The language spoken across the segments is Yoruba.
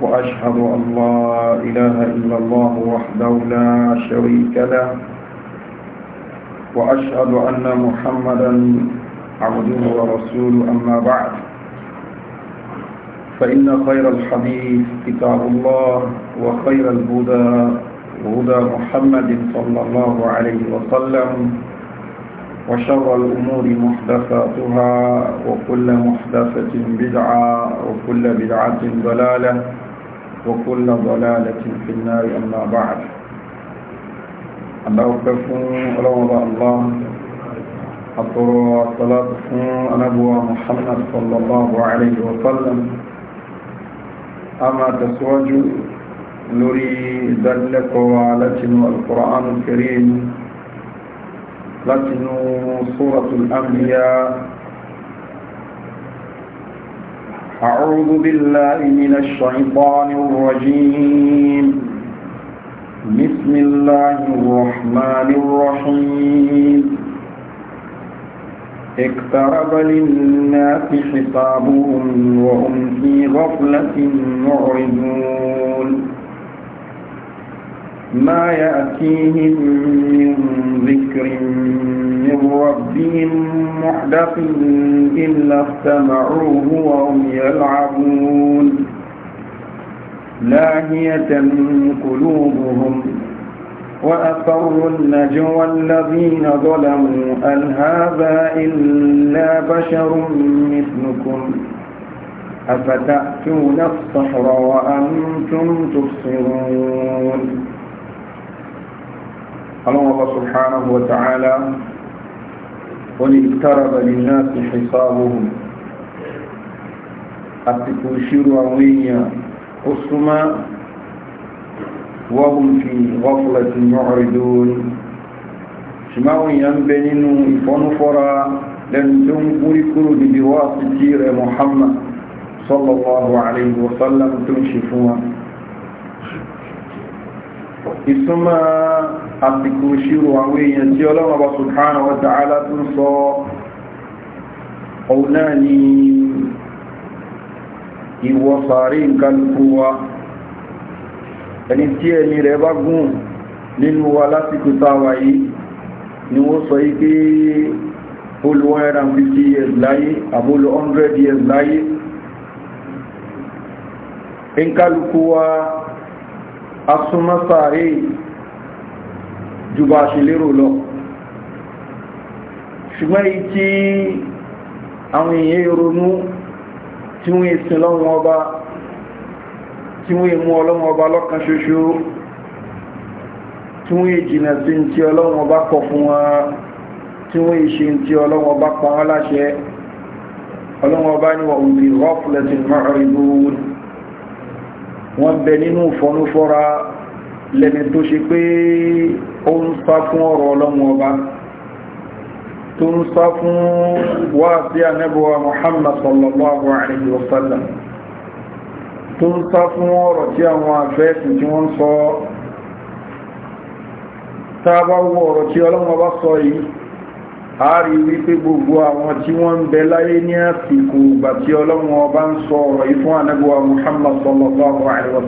وأشهد أن لا إله إلا الله وحده لا شريك له وأشهد أن محمدا عبده ورسوله أما بعد فإن خير الحديث كتاب الله وخير الهدى هدى محمد صلى الله عليه وسلم وشر الأمور محدثاتها وكل محدثة بدعة وكل بدعة ضلالة وكل ضلالة في النار أما بعد أدعوكم رمضان الله أطر الصلاة نبوة محمد صلى الله عليه وسلم أما تسوج نري ذلك وعلتن القرآن الكريم لتن سورة الأنبياء أعوذ بالله من الشيطان الرجيم بسم الله الرحمن الرحيم اقترب للناس حسابهم وهم في غفلة معرضون ما يأتيهم من ذكر من ربهم محدق إلا استمعوه وهم يلعبون لاهية قلوبهم وأفروا النجوى الذين ظلموا أن هذا إلا بشر مثلكم أفتأتون الصحر وأنتم تبصرون الله سبحانه وتعالى ولإقترب للناس حسابهم أتكوشير وعوية أسما وهم في غفلة معرضون شماوي ينبنين فنفرا لن تنقل كل بواسطير محمد صلى الله عليه وسلم تنشفون ìsúnmọ́ àsìkò ṣírò àwọn èèyàn tí ọlọ́wọ́ bá subhanahu wa ta'ala tún sọ ọ̀hún náà ni ìwọ sàárè ìkálùkù wa ẹni tí ẹni rẹ̀ bá gùn nínú wa lásìkò táwà yìí ni wọ́n sọ yí olú 150 years láyé àbólú 100 years láyé ìkálùkù wa asúnmọ́ sàárè ju bá a ṣe lérò lọ ṣùgbọ́n èyí tí àwọn èèyàn ronú tí wọ́n èsìn lọ́wọ́ ọba tí wọ́n èmú ọlọ́wọ́ ọba lọ́kan ṣoṣo tí wọ́n èjìnà sí ti ọlọ́wọ́ ọba kọ̀ fún wa tí wọ́n èṣe ti ọlọ́wọ́ ọba pa wọ́n láṣẹ ọlọ́wọ́ ọba ni wọ́n òbí rọ́fúlẹ̀tì mọ́rin lóòrùn wọ́n bẹ nínú fọnúfọ́ra lẹ́ni tó ṣe pé ó ń sá fún ọ̀rọ̀ ọlọ́run ọba tó ń sá fún wáàsí ànábọ̀wá Muhammad sallallahu alayhi wa sallam tó ń sá fún ọ̀rọ̀ tí àwọn àfẹ́ẹ̀sì tí wọ́n sọ tá ọ̀rọ̀ tí ọlọ́run ọba sọ yìí ari rí wípé gbogbo àwọn tí wọ́n ń bẹ láyé ní àsìkò ìgbà tí ọlọ́run ọba ń sọ ọ̀rọ̀ yìí fún muhammad sallallahu alaihi wa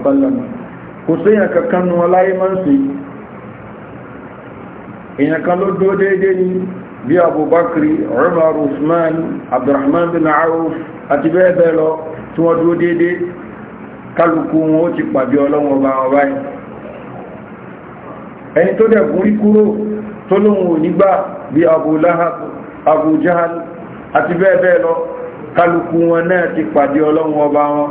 kò sí kankan nu ọláyé máa ń sè èèyàn kan ló dúró déédéé abubakar umar usman abdulrahman bin auf àti bẹ́ẹ̀ bẹ́ẹ̀ lọ tí wọ́n dúró déédéé kálukú wọn ó ti pàdé ọlọ́run ọba ọba yìí ẹni bí Abu Lahab Abu Jahal àti bẹ́ẹ̀ bẹ́ẹ̀ lọ kálukú wọn náà ti pàdé ọlọ́run ọba wọn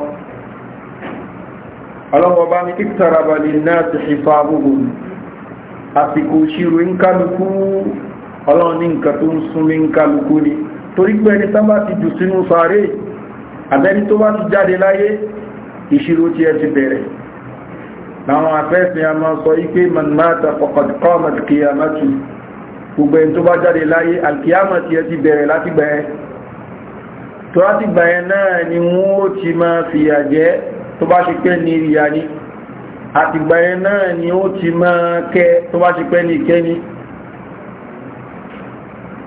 ọlọ́run ọba ní ìtàràbà lè náà ti ṣìfà gbogbo àsìkò ìṣirò ń kálukú ọlọ́run ní nǹkan tó ń súnmí ń kálukú ni torí pé ẹni tán bá ti jù sínú sàárè àbẹ́ni tó bá ti jáde láyé ìṣirò tí ẹ ti bẹ̀rẹ̀ láwọn afẹ́fẹ́ a máa sọ ipé man mata faqad qamat qiyamatu gbogbo ẹni tó bá jáde láyé alkiyama ti ẹ ti bẹ̀rẹ̀ láti gbà ẹ́ tó láti gbà ẹ́ náà ni wọ́n ó ti máa fìyà jẹ́ tó bá ṣe pé ní ìyà ni àtìgbà ẹ́ náà ni ó ti máa kẹ́ tó bá ṣe pé ní ìkẹ́ ni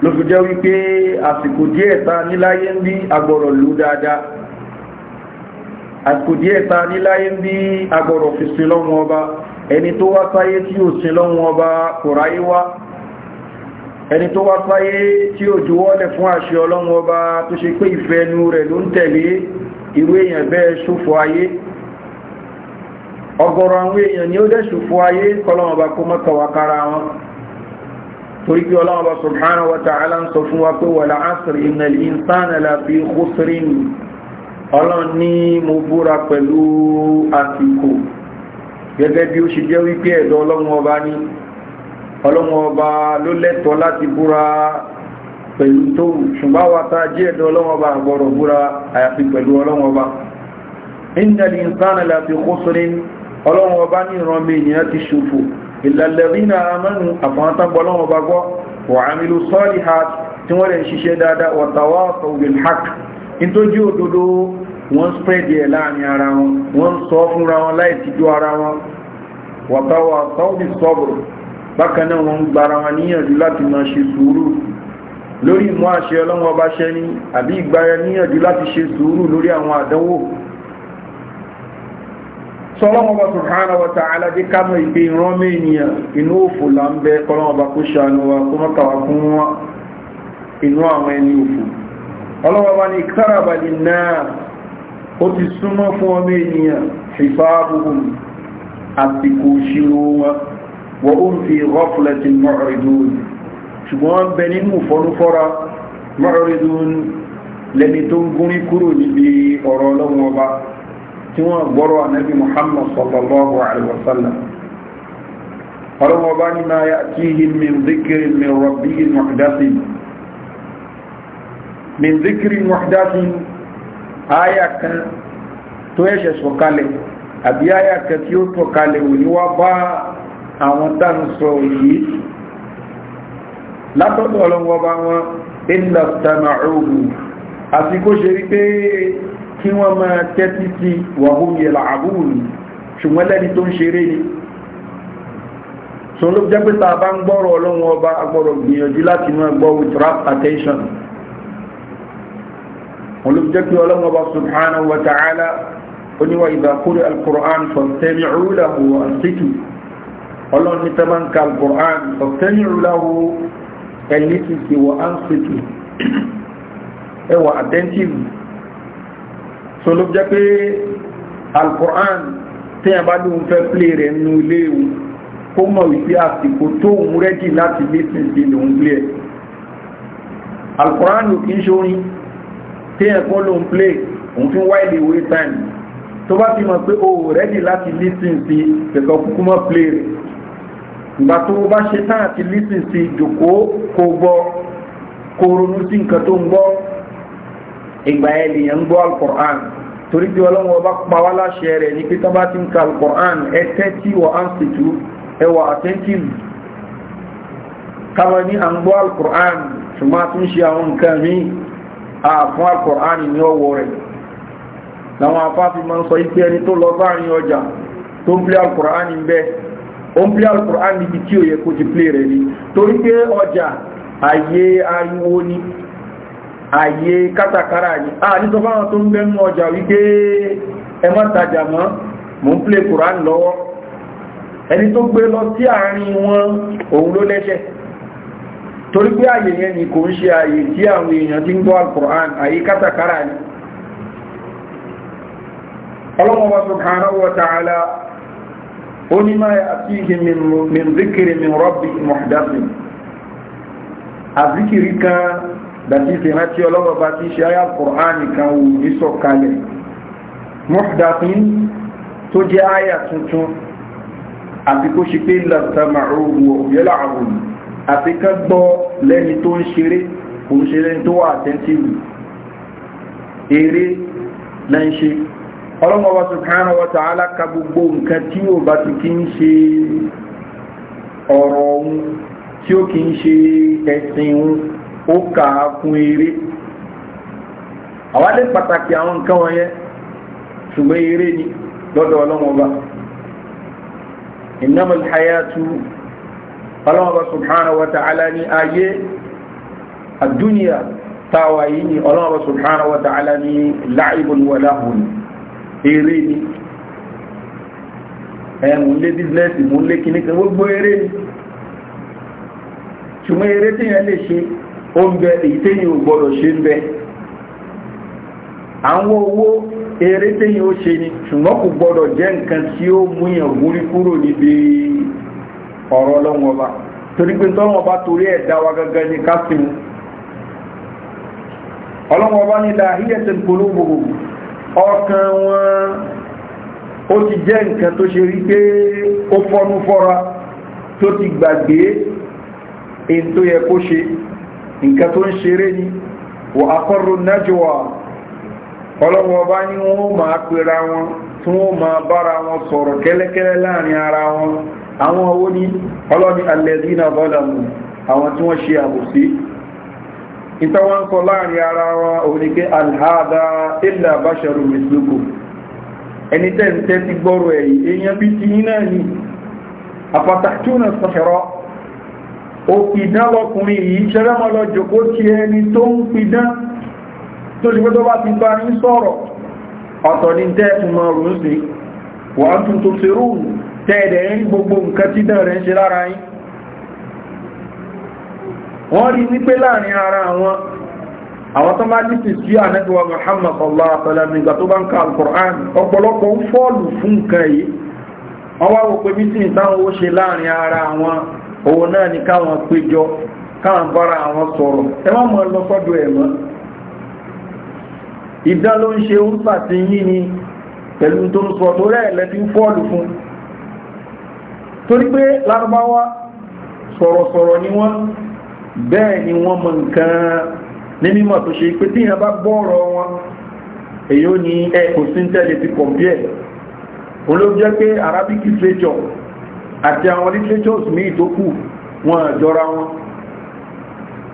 ló fi jẹ́ wípé àsìkò díẹ̀ ta níláyé ń bí agbọ̀rọ̀ lù dáadáa àsìkò díẹ̀ ta níláyé ń bí agbọ̀rọ̀ fi sin lọ́wọ́ ọba ẹni tó wá sáyé tí ò sin lọ́wọ́ ọba kò ráyé wá ẹni tó wá sáyé tí ó juwọ́lẹ̀ fún àṣẹ ọlọ́run ọba tó ṣe pé ìfẹ́ ẹnu rẹ̀ ló ń tẹ̀lé irú èèyàn bẹ́ẹ̀ ṣòfò ayé ọ̀gọ̀rọ̀ àwọn èèyàn ni ó dẹ̀ ṣòfò ayé kọlọ́run ọba kó mọ́kànwá kára wọn torí pé gẹ́gẹ́ bí ó ṣe jẹ́ wípé ẹ̀dọ́ ọlọ́run ọba ní ọlọ́mọ ọba ló lẹ́tọ̀ọ́ láti búra pẹ̀lú tó ṣùgbọ́n wa ta jẹ́ ẹ̀dọ́ ọlọ́mọ ọba àgbọ̀rọ̀ búra àyàfi pẹ̀lú ọlọ́mọ ọba innal insana lafi khusrin ọlọ́mọ ọba ní ìran mi ti ṣòfò ìlàlẹ́rìnà salihat tí wọ́n lè ṣiṣẹ́ dáadáa wa tawasaw bil haqq nítorí òdodo wọ́n spread ẹ̀ láàrin ara wọn wọ́n sọ fúnra ara wọn wa tawasaw bis bákan náà wọ́n ń gbara wọn níyànjú láti máa ṣe sùúrù lórí ìmú àṣẹ ọlọ́wọ́ ọba ṣẹ́ ní àbí ìgbara níyànjú láti ṣe sùúrù lórí àwọn àdánwò sọlọ́wọ́ bá subhanahu wa ta'ala kánú ìpè ìran mẹ́niyàn inú òfò là ń bẹ kọ́lọ́wọ́ bá kó ṣàánú wa kó mọ́kàwá fún wọn inú àwọn ẹni òfò ọlọ́wọ́ bá ní wọ́n ó ń fi ghaflati mu'ridun ṣùgbọ́n wọ́n bẹ nínú fọ́nufọ́ra mu'ridun lẹ́ni tó ń gúnrí kúrò níbi ọ̀rọ̀ ọlọ́run ọba tí wọ́n gbọ́rọ̀ ànábì muhammad sallallahu alaihi wasallam ọlọ́run ọba ní ma àwọn dáńsọ yìí látọ̀dọ̀ ọlọ́wọ́ bá wọn ilẹ̀ tẹ̀mọ̀ọ́gù àti kó ṣe rí pé kí wọ́n máa tẹ́tí sí wàhúnyẹ̀ làbúrù ṣùgbọ́n lẹ́ni tó ń ṣeré ni sọlọ́ jẹ́ pé tá a bá ń gbọ́rọ̀ ọlọ́wọ́ ọba agbọ́rọ̀ gbìyànjú láti máa gbọ́ with rap attention oníwà ìdàkúrẹ́ al-Qur'an fọ̀ntẹ́mi ọ̀rúlà wọ̀ ọlọ́run ní tẹ́ máa ń ka alukur'an ọ̀tẹ́yìn ìrúláwo ẹ̀yìn ti wọ ánsìtì ẹ wà attentive so ló jẹ́ pé alukur'an tẹ́yìn bá lóun fẹ́ plé rẹ̀ nínú ilé ìwò kó mọ̀ wípé àsìkò tóun rẹ́dì láti lẹ́sìn sí lòun plé ẹ̀ alukur'an ò o ò rẹ́dì láti listen sí kẹ̀kọ́ ìgbà tó bá ṣe tán àti lísìn sí ìjòkó kó gbọ́ kó ronú sí nǹkan tó ń gbọ́ ìgbà yẹn lèèyàn ń gbọ́ alukur'an torí bí ọlọ́run ọba pa wá láṣẹ rẹ̀ ní pé tán bá ti ń ka alukur'an ẹ tẹ́tí wọ ansitu ẹ wọ attentive káwọn ní à ń gbọ́ alukur'an ṣùgbọ́n a tún ṣe àwọn nǹkan míì àfún alukur'an ní ọwọ́ rẹ̀ làwọn afáfin máa ń sọ ipe ẹni tó lọ sáàrin ọjà tó ń bí alukur'an ń bẹ́ẹ̀ ó ń plé alukur'an níbi tí ó yẹ kó ti plé rẹ̀ ni torí pé ọjà àyè ariwo ni àyè kátàkárà ni a ní sọ fáwọn tó ń bẹ nínú ọjà wípé ẹ má tajà mọ́ mò ń plé kur'an lọ́wọ́ ẹni tó gbé lọ sí àárín wọn òun ló lẹ́sẹ̀ torí pé àyè yẹn ni kò ń ṣe àyè tí àwọn èèyàn ti ń gbọ́ alukur'an àyè kátàkárà ni ọlọ́mọba subhanahu wa ta'ala onímọ̀ àfihì min zikiri min rọ́bì mọ̀dáfì àzikiri kan dàti ìrántí ọlọ́wọ́ bá ti ṣe ayá kùránì kan wù ní sọ̀kalẹ̀ mọ̀dáfì tó jẹ́ ayá tuntun àti kó ṣe pé lọ́tàmà òwò yẹ́là àwọn àti ká gbọ́ lẹ́ni tó ń ṣeré kò ń ṣeré tó wà àtẹ́ntìwì eré lẹ́ńṣe ọlọ́mọ wa subhanahu wa ta'ala ka gbogbo nǹkan tí ó bá ti kí ń ṣe ọ̀rọ̀ ohun tí ó kí ń ṣe ẹ̀sìn ohun ó kà á kún eré àwádé pàtàkì àwọn nǹkan wọ̀nyẹn ṣùgbọ́n eré ni lọ́dọ̀ ọlọ́mọ wa innamal hayatu ọlọ́mọ wa subhanahu wa ta'ala ní ayé àdúnyà táwa yìí ni ọlọ́mọ wa subhanahu wa ta'ala ní la'ibun wa ni. eré ni ẹ̀mù lé bíznẹ́sì mú lé kan gbogbo eré ni ṣùgbọ́n eré tí yẹn lè ṣe ó ń bẹ èyí ò gbọ́dọ̀ ṣe ń bẹ àwọn owó eré téyìn ó ni ṣùgbọ́n kò gbọ́dọ̀ jẹ́ nǹkan tí ó mú yàn gúrí kúrò níbi ọ̀rọ̀ ọlọ́wọ́n torí pé tọ́lọ́wọ́n torí ẹ̀ dá gangan ní kásìmù ní ọkàn wọn ó ti jẹ́ nǹkan tó ṣe rí pé ó fọ́nú fọ́ra tó ti gbàgbé èyí tó yẹ kó ṣe nǹkan tó ń ṣeré ni wà aqarru najwa ọlọ́wọ́ bá ní wọ́n máa pera wọn tí wọ́n máa bára wọn sọ̀rọ̀ kẹ́lẹ́kẹ́lẹ́ láàrin ara wọn àwọn owó ní ọlọ́ni alladhina zalamu àwọn tí wọ́n ṣe àbòsí ìtawọ́ ń sọ láàrin ara wọn òníké alhada illa basharu mislukum ẹni tẹ́ǹtẹ́ ti gbọ́rọ̀ ẹ̀yí èèyàn bí ti iná ní àpàtàkùnà sọ̀ṣẹ̀rọ òpìdán lọkùnrin yìí ṣẹlẹ́mọ́ lọ jòkó ti ẹni tó ń pìdán tó ṣe pẹ́tọ́ bá ti bá ní sọ̀rọ̀ ọ̀tọ̀ ní tẹ́ẹ̀tùmọ̀ rùn sí wọ́n tún tó ṣerú tẹ́ẹ̀dẹ̀ ń gbogbo nǹkan tí dán rẹ̀ ń ṣe lára yìí wọ́n rí wípé láàrin ara wọn àwọn tó bá ní tìsí ànẹ́gbẹ̀wà Muhammad sallallahu tó bá ń ka al ọ̀pọ̀lọpọ̀ ń fọ́ọ̀lù fún kan yìí wọ́n wá wò pé bí tí ìtàwọn ṣe láàrin ara wọn náà ni káwọn péjọ káwọn bára àwọn sọ̀rọ̀ ẹ má mọ̀ lọ ẹ̀ mọ́ ìdá ló ń ṣe ń pàtí yín ni pẹ̀lú tó ń sọ tó rẹ̀ fún torí pé lárúbáwá sọ̀rọ̀sọ̀rọ̀ ni bẹ́ẹ̀ ni wọ́n mọ̀ nǹkan ní mímọ̀ tó ṣe pé tíyàn bá gbọ́ọ̀rọ̀ wọn èyí ó ní ẹ kò sí tẹ́lẹ̀ ti compare òun ló jẹ́ pé Arabic literature àti àwọn literatures míì tó kù wọn àjọra wọn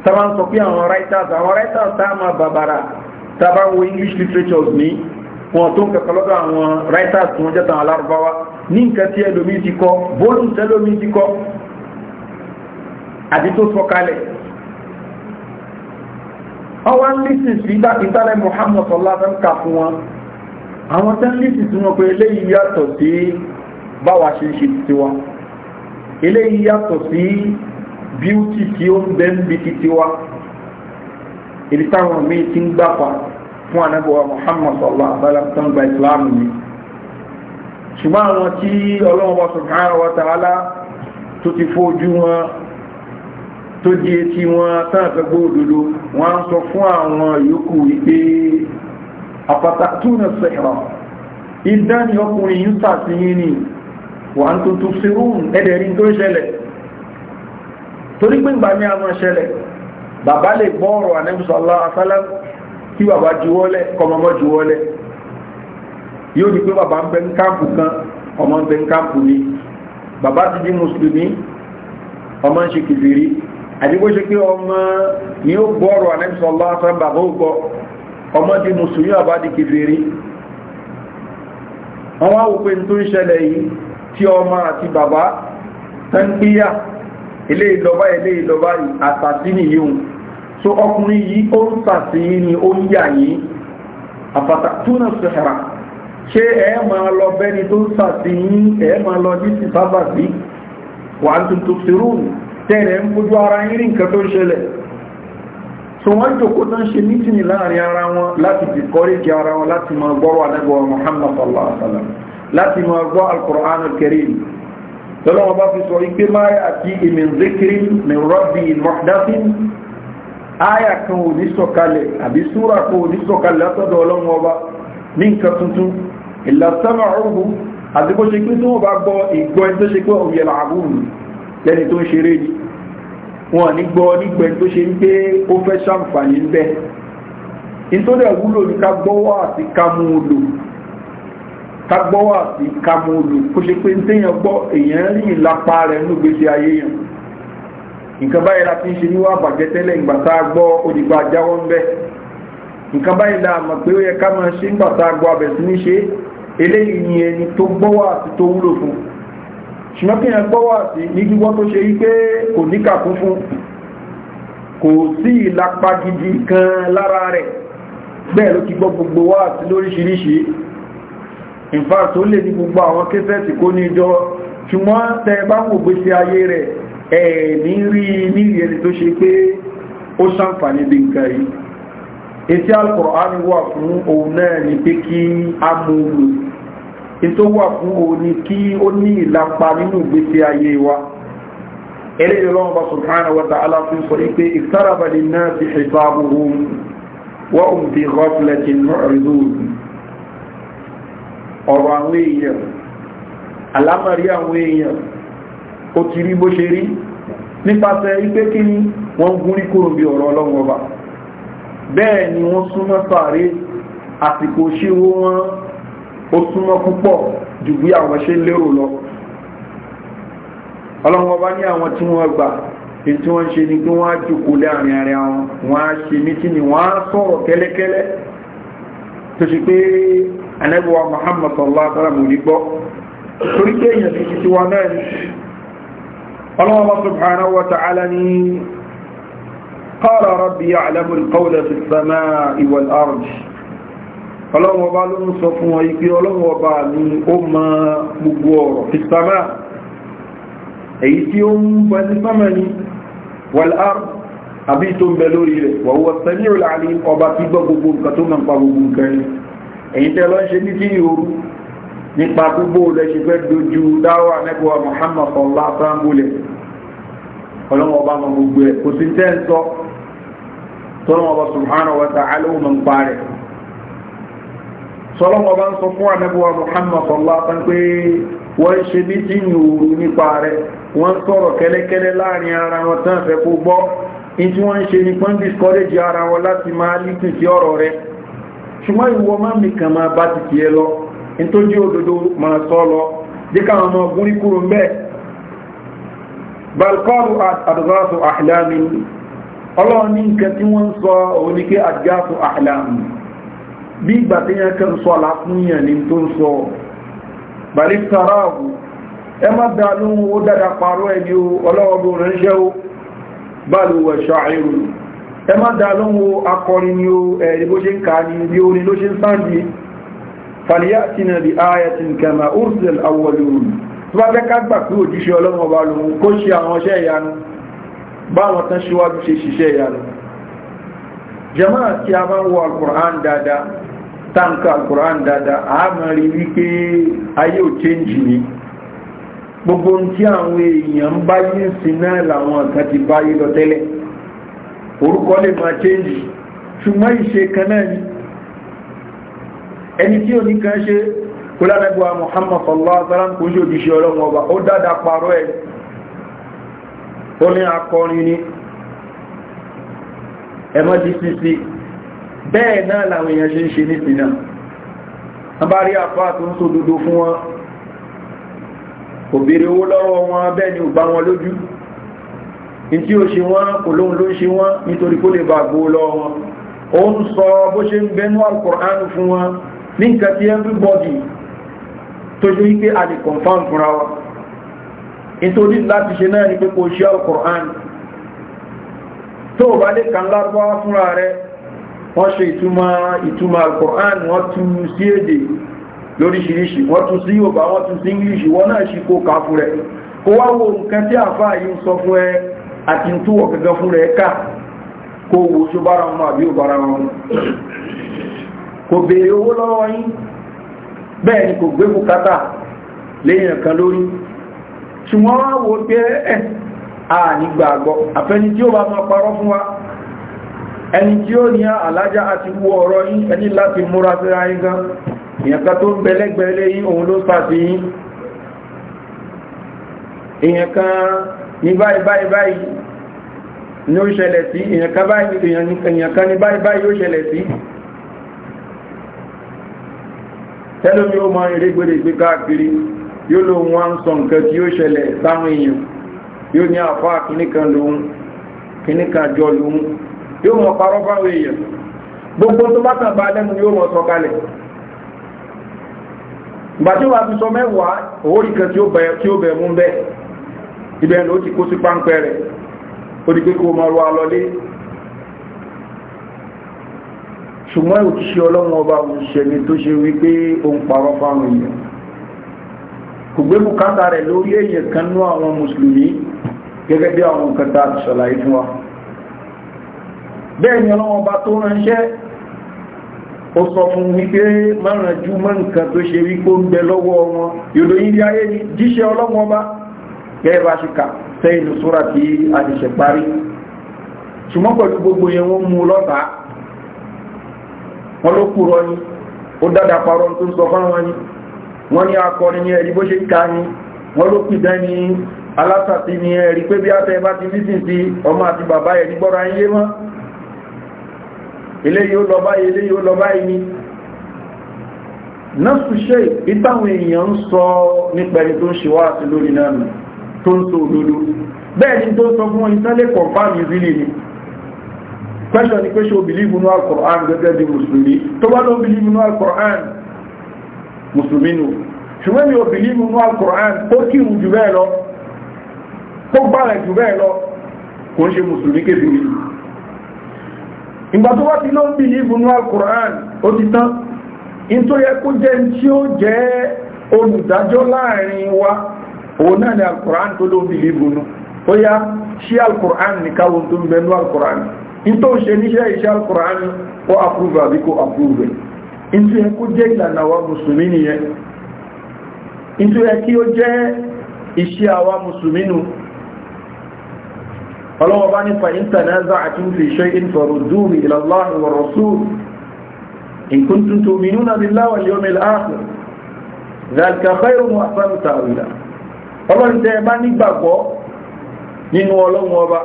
tábà ń sọ pé àwọn writers àwọn writers tá a máa bàbàrà tábà ń wo English literatures míì wọn tó ń kẹkọọ lọ́dọ̀ àwọn writers tí wọn jẹ tàn alárúbáwá ní nǹkan tí ẹlòmíì ti kọ bólú tẹlómi ti kọ àti tó sọ̀kalẹ̀ ọwọ́ ń lísì sí ìtàlẹ̀ Muhammad sallallahu alaihi wasallam kà fún wọn àwọn tẹ́ ń lísì sí wọn pé eléyìí yàtọ̀ sí báwa ṣe ń ṣe tiwa eléyìí yàtọ̀ sí bíútì tí ó ń bẹ́ ń bi tiwa ibi táwọn míì ti ń gbàpà fún anábọ̀wá Muhammad sallallahu alaihi wasallam tó ń gba ìsìláàmù ni ṣùgbọ́n àwọn tí Ọlọ́run wa subhanahu wa ta'ala tó ti fojú wọn tó di etí wọn sáàfẹ́gbọ́ òdodo wọ́n ń sọ fún àwọn yòókù wípé àpàtàkùnà sẹ̀rọ̀ ìdáni ọkùnrin yìí sàtìyìn ni wà ń tuntun sírún ẹ̀dẹ̀rin tó ṣẹlẹ̀ torí pé ìgbà ní àwọn ṣẹlẹ̀ bàbá lè gbọ́ ọ̀rọ̀ ànẹ́bùsọ̀lá asálá kí bàbá juwọ́lẹ̀ kọmọmọ́ juwọ́lẹ̀ yóò di pé bàbá ń bẹ ń káàpù kan ọmọ ń bẹ ń káàpù ni bàbá ti di mùsùlùmí ọmọ ń ṣe kìfìrí àdígbò ṣe pé ọmọ ni ó gbọ́rọ̀ anẹ́bìsọ̀lá àtàbà gbọ́ ọmọ di mùsùlùmí àbádi kèfèrí wọ́n wá wípé tó ń ṣẹlẹ̀ yìí tí ọmọ àti bàbá tánkíyà ilé ìlọ́bá ilé ìlọ́bá àtàsí nìyí so ọkùnrin yìí ó ń tàsí ni ó ń yà yìí àpàtà túnà sùhàrà ṣé ẹ máa lọ bẹ́ni tó ń tàsí yìí ẹ máa lọ ní sí sábà sí wà tuntun sí rúùnù tẹ́rẹ̀ ń bójú ara yín rí nǹkan tó ń ṣẹlẹ̀ tí wọ́n jòkó tán ṣe mítìnì láàrin ara wọn láti dìkọ́rẹ́jì ara wọn láti máa gbọ́rọ̀ àdẹ́gbọ̀wọ̀ Muhammad sallallahu alaihi wasallam láti máa gbọ́ al-Qur'an al-Karim bá fi sọ ipé máa àti min zikrin min rabbi muhdathin áyà kan ò ní sọ̀kalẹ̀ àbí súra kan ò ní sọ̀kalẹ̀ látọ̀dọ̀ ọlọ́run ọba ní nǹkan tuntun illa sama'uhu àti bó ṣe pé tí wọ́n bá gbọ́ ìgbọ́ ẹni tó ṣe pé òun àbúrú lẹ́ni tó ń ṣeré yìí wọn ní gbọ́ nígbà tó ṣe ń gbé ó fẹ́ ṣàǹfààní ń bẹ́ nítorí ẹ̀wúlò ní ká gbọ́wọ́ àti ká olò ká gbọ́wọ́ àti kó ṣe pé téèyàn gbọ́ èèyàn rí ìlapa rẹ̀ nínú gbèsè ayé yẹn nǹkan báyìí la fi ń ṣe níwá bàjẹ́ tẹ́lẹ̀ ìgbà tá a gbọ́ òdìgbà jáwọ́ ń bẹ́ nǹkan báyìí la mọ̀ pé ó yẹ ṣùgbọ́n kí yẹn gbọ́ wà sí ní gbígbọ́ tó ṣe wípé kò níkà kún fún kò sí ìlapa gidi kan lára rẹ̀ bẹ́ẹ̀ ló ti gbọ́ gbogbo wà sí lóríṣiríṣi in fact ó lè ní gbogbo àwọn kẹsẹ̀tì kó ní ìjọ ṣùgbọ́n tẹ bá wò gbèsè ayé rẹ̀ ẹ̀ ní rí ní ìrẹ́ni tó ṣe pé ó ṣàǹfààní bí nǹkan yìí etí Al-Qur'an wà fún mú tó wà fún o ní kí ó ní ìlapa nínú ìgbésí ayé wa eléyìí lọ́wọ́ bá subhanahu wa ta'ala fi sọ pé iqtaraba linnasi hisabuhum wa hum fi ghaflatin mu'ridun ọ̀rọ̀ àwọn èèyàn alámàrí àwọn èèyàn ó ti rí bó wọ́n gúnrí kúrò bí ọ̀rọ̀ ọlọ́run ọba ó súnmọ́ púpọ̀ ju bí àwọn ṣe lérò lọ ọlọ́run ọba ní àwọn tí wọ́n gbà tí wọ́n ṣe ni pé wọ́n á jókòó láàrin ara wọn wọ́n á ṣe mítí ni wọ́n á sọ̀rọ̀ kẹ́lẹ́kẹ́lẹ́ tó ṣe pé anẹ́bùwa Muhammad sallallahu alaihi wasallam ò gbọ́ torí pé èèyàn ti ti wà náà ni ọlọ́run ọba subhanahu wa ta'ala ni qala rabbi ya'lamu al-qawla fi as ọlọ́run ọba ló ń sọ fún wọn ipe ọlọ́run ọba ni ó mọ gbogbo ọ̀rọ̀ fi sámà èyí tí ó ń bá ní sámà ni wàlárù àbí tó ń bẹ lórí rẹ̀ wàhùwà sẹ́ni ìrìnàlì ọba tí gbọ́ gbogbo nǹkan tó máa ń pa gbogbo nǹkan ni èyí tẹ́ lọ́n ṣe ní kí ni ooru nípa gbogbo lẹ́ṣin fẹ́ dojú dáwà nẹ́gbọ́ Muhammad sọ̀lá sáńbólẹ̀ ọlọ́wọ́ ọba mọ gbogbo sọlọ́mọ bá ń sọ fún anábíwá Muhammad sọlá tán pé wọ́n ń ṣe mítìnì òru nípa rẹ̀ wọ́n ń sọ̀rọ̀ kẹ́lẹ́kẹ́lẹ́ láàrin ara wọn tán fẹ́ kó gbọ́ ní tí wọ́n ń ṣe ní pọ́ńdís kọ́lẹ́jì ara wọn láti máa lítì sí ọ̀rọ̀ rẹ̀ ṣùgbọ́n ìwọ má mi kàn máa bá ti tiẹ̀ lọ nítorí òdodo máa sọ lọ jẹ́ káwọn ọmọ ogun kúrò mbẹ́ balkọ́lù àdùgbàsù àhìlámi ọlọ́run ní nǹkan tí wọ́n ń sọ òun ní kí àdùgbàsù àhìlámi bí ìgbà tí yẹn kan sọ aláfúnyàn ní tó ń sọ bàrí sàráàbù ẹ má dá lóhun ó dáadáa parọ́ ẹni o ọlọ́wọ́bù ránṣẹ́ o báàlùwẹ̀ ṣàìrù ẹ má dá lóhun akọrin ni o ẹ̀rí bó ṣe ń kà ní bí orin ló ṣe ń sáàdì fàlíyàtìnà bí ayatin kama ursel awwalun tó bá fẹ́ ká gbà pé òjíṣẹ́ ọlọ́run ọba lòun kó ṣe àwọn iṣẹ́ ìyanu báwọn tán ṣíwájú ṣe ṣiṣẹ́ ìyanu jama'a tí a máa ń wọ alkùnrán dáadáa tanka Kùránì dada a máa rí a ayé ò chéǹjì ni gbogbo ohun awon eyan èèyàn ń báyé kan ti báyé lọ tẹ́lẹ̀ orúkọ lè máa chéǹjì ṣùgbọ́n ìṣe kan náà ni ẹni tí oníkan ṣe kólánàgbà Muhammad sallallahu alaihi kò ṣe ni ẹ má di bẹ́ẹ̀ náà làwọn èèyàn ṣe ń ṣe nípìn náà wọ́n bá rí àfá tó ń sódodo fún wọn kò béèrè owó lọ́wọ́ wọn bẹ́ẹ̀ ni ò bá wọn lójú in tí ó ṣe wọ́n kò lóhun ló ń ṣe wọ́n nítorí kó lè bá gbó lọ wọn ó ń sọ bó ṣe ń bẹnu alkùránù fún wọn ní nǹkan tí everybody tó ṣe wípé a lè confam fúnra wa nítorí láti ṣe náà ni pé kò ṣe alkùránù tó bá lè kan lárúbáwá fúnra rẹ̀ wọ́n ṣe ìtumọ̀ ìtumọ̀ alkùnrán wọ́n sí èdè lóríṣiríṣi wọ́n sí Yorùbá wọ́n sí English wọ́n náà ṣe kó ká fún rẹ̀ kó wá wo nǹkan tí àfáà yìí sọ fún ẹ àti tó fún rẹ̀ ká kó wo ṣó àbí ò bára kò béèrè owó lọ́wọ́ yín bẹ́ẹ̀ ni kò gbé bùkátà léèyàn kan ẹni tí ó ní àlájá àti wú ọ̀rọ̀ yí ẹni láti múra síra yí gan ìyẹ̀ká tó ń bẹ̀lẹ́gbẹ̀lẹ́ yí òun ló sàfí yìí ìyẹ̀ká ní báyìí báyìí báyìí ni ṣẹlẹ̀ sí tẹ́lómi ó máa káàkiri yóò ń sọ nǹkan tí ó ṣẹlẹ̀ sáwọn èèyàn yóò ní àfáà kìníkan yóò mọ̀ parọ́ fáwọn èèyàn gbogbo tó bá kàn bá lẹ́nu yóò mọ̀ sọ kalẹ̀ ìgbà tí ó wà fi sọ mẹ́wàá òórì kan tí ó bẹ̀ mú bẹ́ẹ̀ ibẹ̀ ló ti kó sí páńpẹ́ rẹ̀ ó di pé kó mọ̀ rọ alọ́lé ṣùgbọ́n òṣìṣẹ́ ọlọ́run ọba òṣìṣẹ́ ni tó ṣe wípé ó ń parọ́ fáwọn èèyàn kò gbé bùkátà rẹ̀ lórí èèyàn kan nú àwọn mùsùlùmí gẹ́gẹ́ bí àwọn nǹkan ṣàlàyé fún wa bẹ́ẹ̀ ni ọlọ́wọ́n bá tó ránṣẹ́ ó sọ fún wípé márùn jú mọ́ nǹkan tó ṣe wípé ń bẹ lọ́wọ́ wọn yòdó yìí ayé ni jíṣẹ́ ọlọ́wọ́n bá bá ṣe kà sẹ́yìn ní tí a ti ṣe parí ṣùgbọ́n pẹ̀lú gbogbo yẹn wọ́n mú lọ́ta wọn ló kúrọ ní a ti eléyìí ó lọ báyìí eléyìí ó lọ báyìí ni nọ́ọ̀sù ṣe ìtàwọn èèyàn ń sọ nípa ẹni tó ń ṣe wá àti lórí náà nù tó ń sọ òdodo bẹ́ẹ̀ ni tó sọ fún wọn ìtàlẹ̀ kọ̀ǹfàmì o believe nínú al-Qur'an gẹ́gẹ́ bí mùsùlùmí tó bá believe nínú al-Qur'an mùsùlùmí nù ṣùgbọ́n mi ò believe nínú al-Qur'an kó kírun jù bẹ́ẹ̀ lọ kó gbàrẹ̀ jù bẹ́ẹ̀ kò ń ṣe mùsùlùmí kébìrì ìgbà tó bá ti ló ń bí ìbùnú al-Qur'an ó ti tán in tó yẹ kó jẹ́ tí ó jẹ́ olùdájọ́ láàrin wa òun náà ni al-Qur'an tó ló ń bí ìbùnú ó yá ṣí al-Qur'an ní káwọn tó ń bẹnu al-Qur'an in tó ṣe níṣẹ́ iṣẹ́ al-Qur'an ó approve àbí kò approve in tó yẹ kó jẹ́ ìlànà wa mùsùlùmí nìyẹn in tó yẹ kí ó jẹ́ iṣẹ́ àwa mùsùlùmí nù ọlọ́wọ́ bá ní fa tanaza'tum fi shay'in farudduhu ila Allahi wa rasul in kuntum tu'minuna billahi wal yawmil akhir dhalika khayrun wa ahsanu ta'wila ọlọ́run tẹ́ ẹ bá nígbàgbọ́ nínú ọlọ́run ọba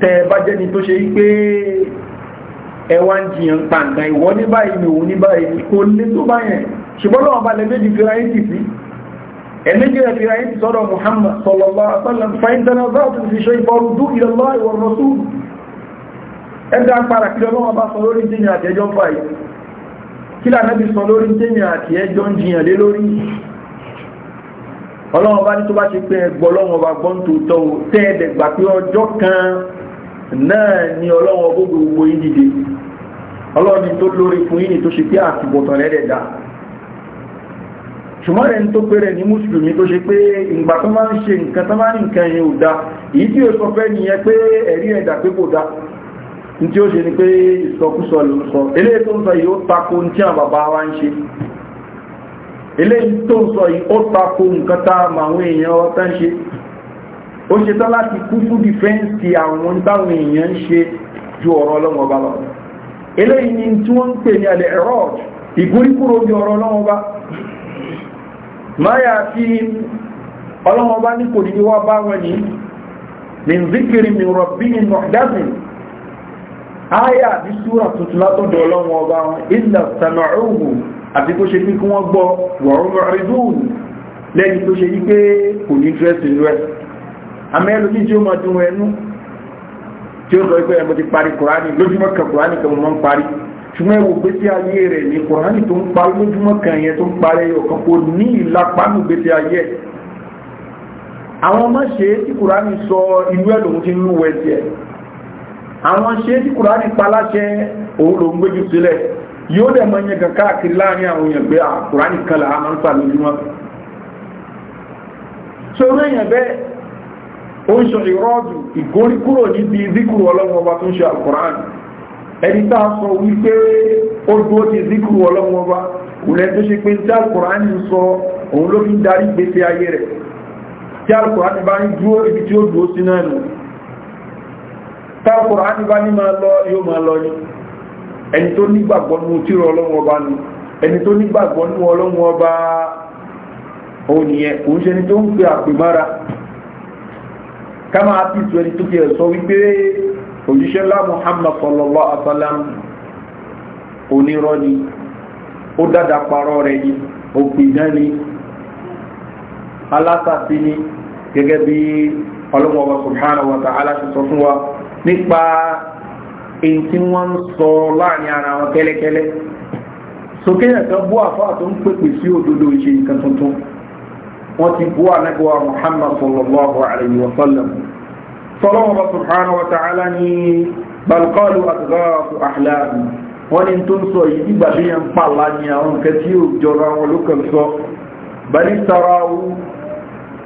tẹ́ ẹ bá jẹ́ni tó ṣe pé ẹ wá ń jiyàn pàǹkà ìwọ ní báyìí ni òun ní báyìí kò lè tó báyẹn ṣùgbọ́n lọ́wọ́ balẹ̀ méjì fi ráyé tì النبي في عين صلى محمد صلى الله عليه وسلم فإن تنازعتم في شيء فردوا إلى الله والرسول ẹgbẹ́ agbára kí lọ́wọ́ bá sọ lórí tí ní àti ẹjọ́ ń fàyè kí lànàbí sọ lórí tí ní àti ẹjọ́ ń jiyàn lé lórí ọlọ́wọ́ bá ní tó bá ṣe pé ẹgbọ́ lọ́wọ́ bá gbọ́n tó tọ́ o pé ọjọ́ kan náà ni ọlọ́wọ́ gbogbo gbogbo yìí dìde ọlọ́ọ̀ni tó lórí fún yìí ni tó ṣe pé àtìbọ̀tàn lẹ́dẹ̀ẹ́dà ṣùgbọ́n rẹ̀ ń tó pé rẹ̀ ní mùsùlùmí tó ṣe pé ìgbà tó máa ń ṣe nǹkan tó máa ń nǹkan yẹn ò dá èyí tí ó sọ fẹ́ nìyẹn pé ẹ̀rí ẹ̀dà pé kò dá ní tí ó ṣe ni pé ìsọkúsọ ló ń sọ eléyìí tó ń sọ yìí ó tako ní tí àwọn bàbá wa ń ṣe eléyìí tó ń sọ yìí ó tako nǹkan tá a mọ̀ àwọn èèyàn ọ̀tá ń ṣe ó ṣe tán láti kú fún dìfẹ́ǹsì àwọn táwọn èèyàn ń ṣe ju ọ̀rọ̀ ọlọ́wọ́ bá lọ eléyìí ni tí wọ́n ń pè ní alẹ́ ẹ̀rọ ìgúríkúrò ju ọ̀rọ̀ ọlọ́wọ́ bá máyà fi ọlọ́wọ́ bá ní kò ní wá bá wọn ní min zikiri min rọ̀bí ní nọ̀dásìn áyà bí súra tuntun látọ̀dọ̀ ọlọ́wọ́ ọba wọn ilẹ̀ sàmàrùhù àti kó ṣe pé kí wọ́n gbọ́ wọ̀rún rìdùn lẹ́yìn tó ṣe wípé kò ní dírẹ́sì rẹ̀ amẹ́lú ní tí ó máa dún ẹnu tí ó sọ pé ẹmọ ti parí ṣùgbọ́n ẹwò gbésí ayé rẹ̀ ní kòránì tó ń parí lójúmọ́ kan yẹn tó ń parí ọ̀kan kò ní ayé àwọn ọmọ tí sọ ìlú ẹ̀ lòun ti ń lúwẹ̀ sí àwọn ṣe tí kòránì paláṣẹ òun lòun gbéjú sílẹ̀ yóò dẹ̀ mọ yẹn kan káàkiri láàrin àwọn èèyàn pé kan là á máa ń lójúmọ́ bẹ́ẹ̀ ó ń sọ ìrọ́ọ̀dù níbi ọlọ́run ẹni tá a sọ wípé ó dúró ti zikru ọlọ́run ọba òlẹ̀ tó ṣe pé tí alukùránì ń sọ òun ló fi ń darí gbèsè ayé rẹ̀ tí alukùránì bá ń dúró ibi tí ó dúró sí náà nù tí alukùránì bá ní máa lọ yóò máa lọ ni ẹni tó nígbàgbọ́ nínú tírà ọlọ́run ọba ni ẹni tó nígbàgbọ́ nínú ọlọ́run ọba òun nìyẹn òun ṣe ni tó ń pe àpèmára ká máa pìtù ẹni tó fi ẹ̀ sọ wípé òjíṣẹ́ ńlá muhammad sallallahu alaihi wasallam onírọ́ ni ó dada parọ́ rẹ̀ ni òpìdán ni alásàtì ni gẹ́gẹ́ bí ọlọ́mọba subhanahu wa ta'ala ti sọ fún wa nípa èyí tí wọ́n ń sọ láàrin ara wọn kẹ́lẹ́kẹ́lẹ́ sókè yẹn kan bú àfáà tó ń pèpè sí òdodo ìṣe nǹkan tuntun wọ́n ti bú ànágbọ́wà muhammad sallallahu alaihi wasallam tọ́lọ́wọ́ bá subhanahu wa ta'ala ní balqalu adghafu ahlam wọ́n ni tó ń sọ yìí nígbà bí yẹn ń pàlá ní àwọn nǹkan tí yóò jọra wọn ló kàn sọ bali sarawu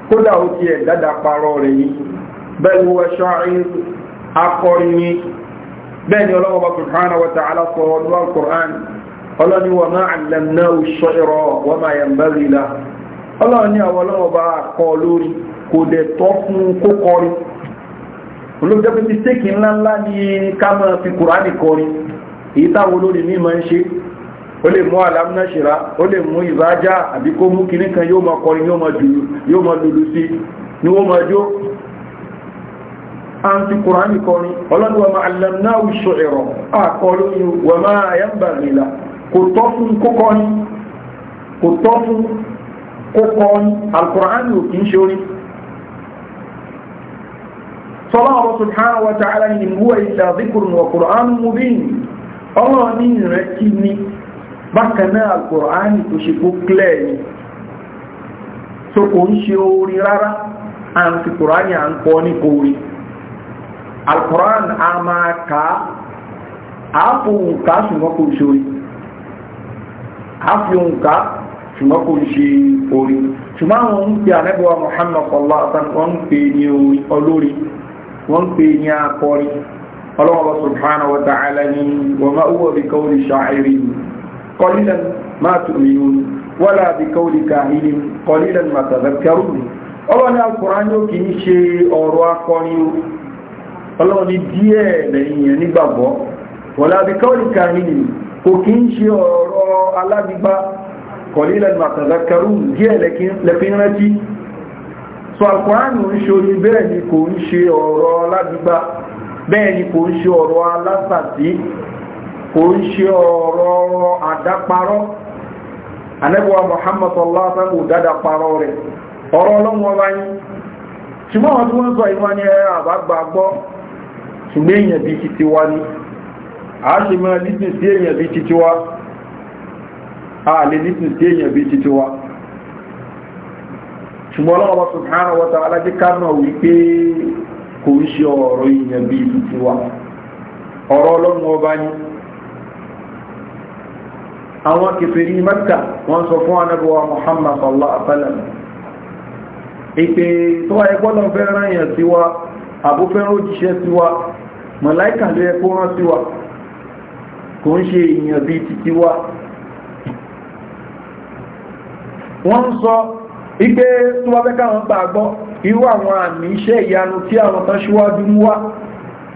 kódà ó tiẹ̀ dáadáa parọ́ rẹ̀ yìí bẹ́ẹ̀ ni wọ́n ṣááyé akọrin ni bẹ́ẹ̀ ni ọlọ́wọ́ bá subhanahu wa ta'ala sọ ọdún al-Qur'an ọlọ́ni wọ́n máa àlẹ́mná ṣọ́ìrọ̀ wọ́n máa yẹn bá rí la ọlọ́ni àwọn ọlọ́wọ́ bá kọ lórí kò dẹ̀ tọ́ fún kókọrin olóòjọ́ pé mistake ńlá ńlá ni ká máa fi kùránì kọrin èyí táwọn olórí mi máa ń ṣe ó lè mú alámúná ṣìra ó lè mú ìbájá àbí kó mú kinní kan yóò máa kọrin yóò máa lulu sí ni wọ́n máa jó àti kùránì kọrin ọlọ́dún wa máa lẹ́mná ìṣò ẹ̀rọ àkọlóyìn wà máa yẹ́mbà rìlà kò tọ́ fún kókọrin kò tọ́ fún kókọrin alkùránì ò kìí ṣe orin sọláwọ́ subhanahu wa ta'ala ni huwa illa dhikrun wa qur'anun mubin ọlọ́run ní ìrẹ́kí ni bákan náà alkùránì tó ṣe kó kílẹ̀ ni tó kò ń ṣe orí rárá à ń fi kùránì à ń kọ́ ní orí alkùránì a máa kà á àpò òǹkà ṣùgbọ́n kò ṣe orí àfi òǹkà ṣùgbọ́n kò ṣe orí ṣùgbọ́n àwọn ń pè ànẹ́bọ̀wà Muhammad sallallahu alaihi wasallam wọ́n ń pè ní olórí wọ́n pè ní akọrin ọlọ́wọ́ subhanahu wa ta'ala ni wa ma huwa bi qawli sha'irin qalilan ma tu'minun wala bi qawli kahinin qalilan ma tadhakkarun ọlọ́wọ́ ní alukóran yóò kì í díẹ̀ lẹ́yìn so alkùránù ń ṣe bẹ́ẹ̀ ni kò ń ṣe ọ̀rọ̀ aládùúgbà bẹ́ẹ̀ ni kò ń ṣe ọ̀rọ̀ kò ń ṣe ọ̀rọ̀ àdáparọ́ anẹ́bùwa Muhammad sallallahu alaihi wasallam dáadáparọ́ rẹ̀ ọ̀rọ̀ ọlọ́wọ́ báyí ṣùgbọ́n tí wọ́n sọ ìwọ́n ni ṣùgbọ́n ọlọ́wọ́ subhanahu wa ta'ala jẹ́ ká wípé kò ń ṣe ọ̀rọ̀ èèyàn bí i wa ọ̀rọ̀ ọlọ́run ọba ni àwọn kèfèrí mẹ́ta wọ́n sọ fún anábọ̀wà Muhammad sallallahu alaihi ìpè tó wáyé gbọ́dọ̀ fẹ́ ráyàn sí wa àbú fẹ́ sí wa ló yẹ kó rán sí wa kò ń ṣe ipé tó wá fẹ́ká wọn gbà gbọ́ irú àwọn àmì iṣẹ́ ìyanu tí àwọn tán ṣíwájú ń wá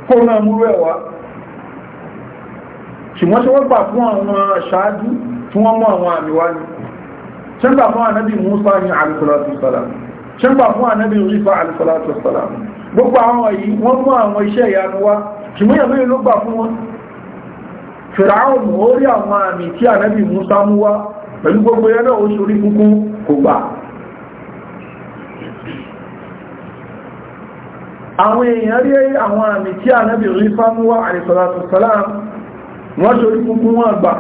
kó náà múrú ẹ̀ wá ṣùgbọ́n ṣe wọ́n gbà fún àwọn aṣáájú tí wọ́n mú àwọn àmì wá ní ṣẹ́gbà fún ànábì Musa ní alìsọ́látù sọ́lá ṣẹ́gbà fún ànábì Isa alìsọ́látù sọ́lá gbogbo àwọn yìí wọ́n mú àwọn iṣẹ́ ìyanu wá ṣùgbọ́n yàmí ló gbà fún wọn Fìràún orí àwọn àmì tí ànábì Musa mú wá pẹ̀lú gbogbo ẹ̀rọ oṣù orí kúkú kò gbà àwọn èèyàn rí àwọn àmì tí ànábì rí fámúwá àìsọ̀látù sàlám wọ́n ṣorí kúkún wọn gbà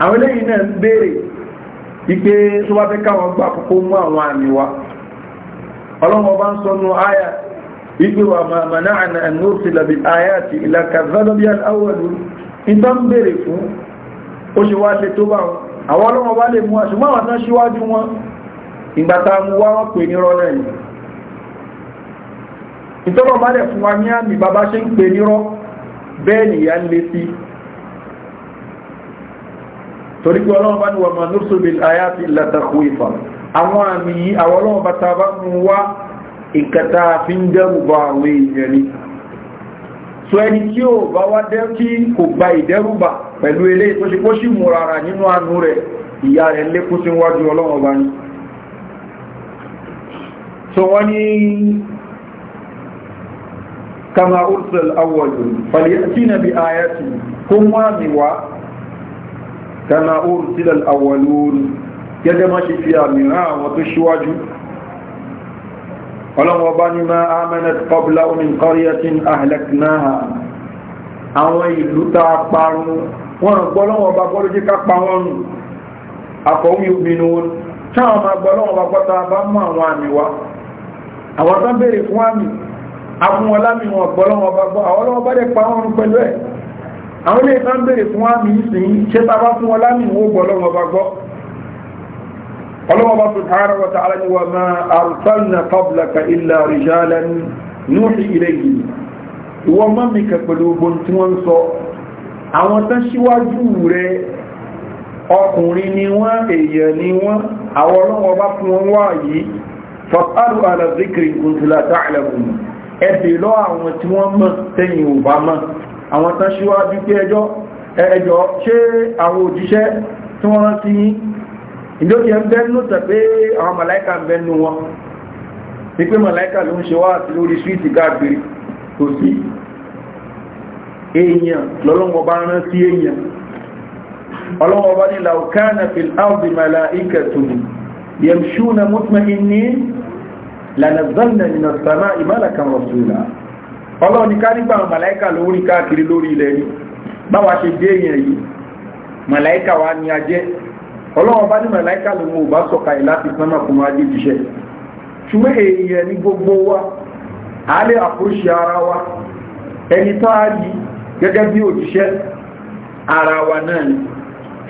àwọn eléyìí náà ń béèrè ipé tó bá fẹ́ káwọn gbà kókó mú àwọn àmì wa ọlọ́wọ́ bá ń sọ nù áyà ipé wà máa màná àna ẹ̀nùsílẹ̀ bí áyà àti ìlàkà zanobian awọ́lu ìtọ́ ń béèrè fún ó àwọn ọlọ́wọ́ bá lè mú àṣùgbọ́n àwọn tán síwájú wọn ìgbàta mú wá wọn pè ní rọ́lẹ̀ yìí ìtọ́lọ̀ bá dẹ̀ fún wa ní àmì bàbá ṣe ń pè nírọ́ bẹ́ẹ̀ nìyà ń lé sí torí pé ọlọ́run bá ní wà máa nursu bil ayati illa takhwifa àwọn àmì yìí àwọn ọlọ́run bá ta bá mú wá ìkàtà fi ń dẹ́rù bá àwọn èèyàn ni so ẹni tí kama ursal awwalun falyatina bi ayatin kuma miwa kama ursila al-awwalun gẹ́gẹ́ ma ṣe fi àmì rán àwọn tó ṣíwájú ọlọ́wọ́ bá ní máa amanat qabla min qaryatin ahlaknaha àwọn ìlú ta parun wọ́n gbọ́lọ́wọ́ bá gbọ́lọ́ jẹ́ ká pa wọ́n nù àfọ́wí obìnrin táwọn gbọ́lọ́wọ́ bá gbọ́ta bá mú àwọn àmì wa àwọn tán bèèrè fún àmì afúnwọlámi wọn gbọ́lọ́wọ́ bá gbọ́ àwọn ọlọ́wọ́ bá dẹ̀ pa wọn pẹ̀lú ẹ̀ àwọn ilé ìtàn bèèrè fún wa mi sì ń ṣe tàbá fún wọn lámì wọn gbọ́lọ́wọ́ bá gbọ́ ọlọ́wọ́ bá subhanahu wa ta'ala ìwọ má pẹ̀lú ogun tí wọ́n sọ àwọn tán síwájú rẹ ọkùnrin ni wọ́n èèyàn ni wọ́n àwọn ọlọ́wọ́ ẹbẹ̀ lọ àwọn tí wọ́n mọ̀ tẹ́yìn ò bá mọ̀ àwọn tán síwájú pé ẹjọ́ ẹjọ́ ṣé àwọn òjíṣẹ́ tí wọ́n rántí yín ìdókè ń bẹ́nu tẹ̀pé àwọn màláìkà ń bẹ́nu wọn ní pé màláìkà ló ń ṣe wá àti lórí súwìtì káàkiri tó sí èèyàn lọ́lọ́wọ́ lànàzánà nínú sàmà ìmọ̀lẹ̀kan rọ̀sùlà ọlọ́run ní ká nígbà àwọn màláìkà lórí káàkiri lórí ilẹ̀ yìí báwa ṣe dé èèyàn yìí màláìkà wa ni a jẹ́ ọlọ́run bá ní màláìkà lòun ò bá sọ̀kalẹ̀ láti sánmà fún wa jíjíṣẹ́ ṣùgbọ́n èèyàn ní gbogbo wa àálẹ́ àkóṣe ara wa ẹni tó á yí gẹ́gẹ́ bí òjíṣẹ́ ara wa náà ni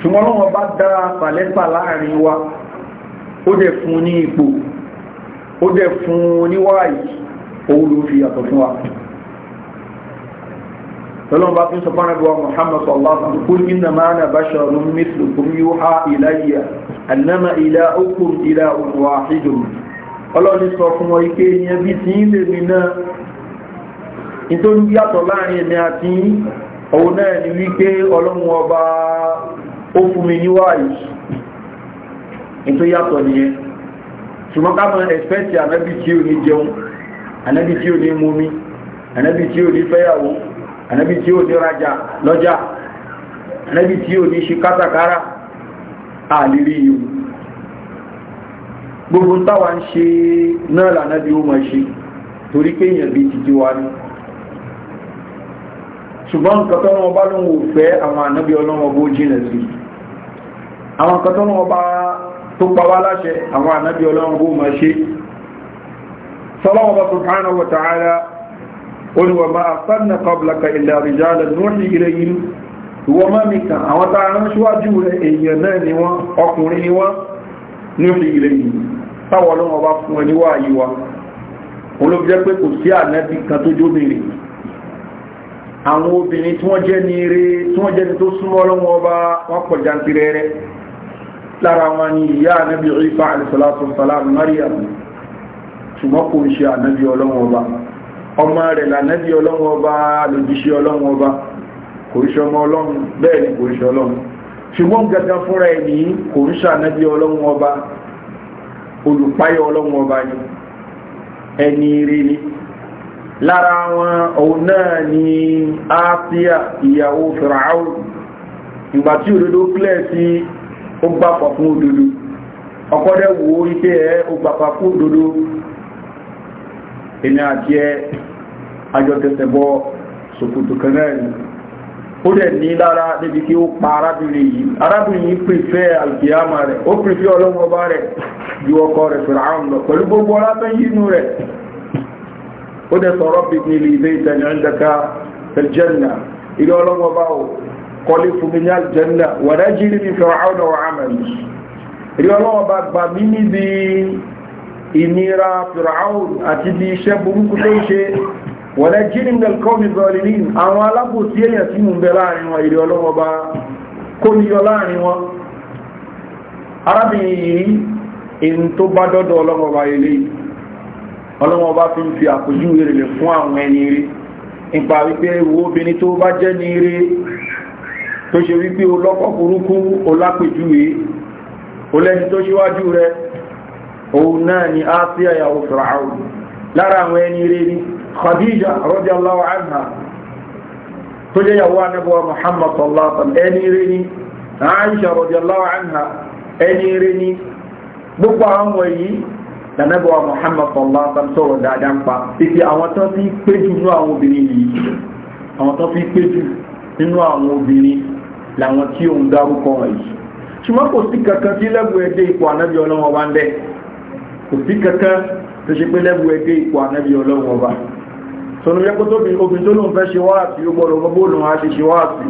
ṣùgbọ́n ọlọ́run bá dára pàlẹ́pà láàrin wa ó dẹ̀ fún ní ipò ó dẹ̀ fún oníwàá yìí owó ló fi yàtọ̀ fún wa tọ́lọ́n bá tún sọpọ́n àgbà Muhammad sallallahu alaihi wasallam kul innama ana basharun annama ilahukum ilahun wahidun ọlọ́ni sọ fún wọn ike ní ẹbí tí ń lè mi náà nítorí yàtọ̀ láàrin èmi àti òun náà ni wípé ọlọ́run ọba ó fún mi níwáyìí nítorí yàtọ̀ ṣùgbọ́n ká mọ ẹ̀fẹ́tì ànábì tí ò ní jẹun ànábì tí ò ní mumi ànábì tí ò ní fẹ́yàwó ànábì tí ò ní rajà lọ́jà ànábì tí ò ní ṣe kátàkárà àlérí yìí gbogbo táwa ń ṣe náà lànábì ó mọ̀ ṣe torí pé èèyàn bíi ti jíwa ni ṣùgbọ́n nǹkan tó wọn bá lóun ò fẹ́ àwọn ànábì ọlọ́wọ́ bó jìnà sí àwọn nǹkan tó wọn bá tó pa wá láṣẹ àwọn ànábì ọlọ́run bó máa ṣe sọlọ́wọ́ bá subhanahu wa ta'ala olùwà máa sanna qablaka illa rijalan nuhi ilayhim ìwọ́n má mi kàn àwọn tá a rán síwájú rẹ̀ èèyàn náà ni wọ́n ọkùnrin ni wọ́n nuhi ilayhim táwọn ọlọ́run ọba fún ẹ níwá yìí wa lára wọn ni ìyá anábì Ìsá àlùfàlàfàlà Mariam ṣùgbọ́n kò ń ṣe anábì ọlọ́wọ́n ọba ọmọ rẹ̀ lànábì ọlọ́wọ́n ọba lòjíṣẹ́ ọlọ́wọ́n ọba kò ń ṣe ọmọ ọlọ́run bẹ́ẹ̀ ni kò ń ṣe ọlọ́run ṣùgbọ́n gangan fúnra ẹ̀ ní kò ń ṣe anábì ọlọ́wọ́n ọba olùpáyọ̀ ọlọ́wọ́n ọba ni ẹni ó gbàpà fún òdodo ọkọ dẹ wò ó ike ẹ ó gbàpà fún òdodo èmi àti ẹ àjọ tẹsẹ̀ bọ ṣòkòtò kan náà ni ó dẹ̀ ní lára débi kí ó pa arábìnrin yìí ó dẹ̀ sọ̀rọ̀ bìbìnrin ilé ìtẹ̀yìn ọ̀ndẹ̀ka ẹ̀jẹ̀ nà ilé ọlọ́mọba ò kọ́lé fún mi ní aljanna wàdá jírí ní fir'auna wa amali rí ọlọ́wọ́ bá gbà mí níbi ìnira fir'aun àti bí iṣẹ́ burúkú tó ń ṣe wàdá jírí ní alkọ́mi zalimin àwọn alábòsí èèyàn tí mò ń bẹ láàrin wọn ìrí ọlọ́wọ́ bá kó níyọ láàrin wọn arábìnrin yìí in tó bá dọ́dọ̀ ọlọ́wọ́ bá ilé ọlọ́wọ́ bá fi ń fi àpòjú rẹ̀ fún àwọn ẹni rí nípa wípé wo obìnrin tó bá jẹ́ ní rí tó ṣe wípé o lọ́kọ́ burúkú o lápèjúwe o lẹ́ni tó ṣíwájú rẹ òun náà ni Asiya ìyàwó Fir'aun lára àwọn ẹni rere ni Khadija radiyallahu anha tó jẹ́ ìyàwó anábọ̀wá Muhammad sallallahu alaihi wasallam ẹni ẹni rere ni làwọn tí òun dárúkọ wọn yìí ṣùgbọ́n kò sí kankan tí lẹ́bù ẹ̀dẹ́ ipò ànábì ọlọ́wọ́ bá ń bẹ́ kò sí kankan tó ṣe pé lẹ́bù ẹ̀dẹ́ ipò ànábì ọlọ́wọ́ bá sọ̀rọ̀ yẹ kó tóbi obìnrin tó lóun fẹ́ ṣe wáàsí ó gbọ́dọ̀ gbogbo òun á ṣe ṣe wáàsí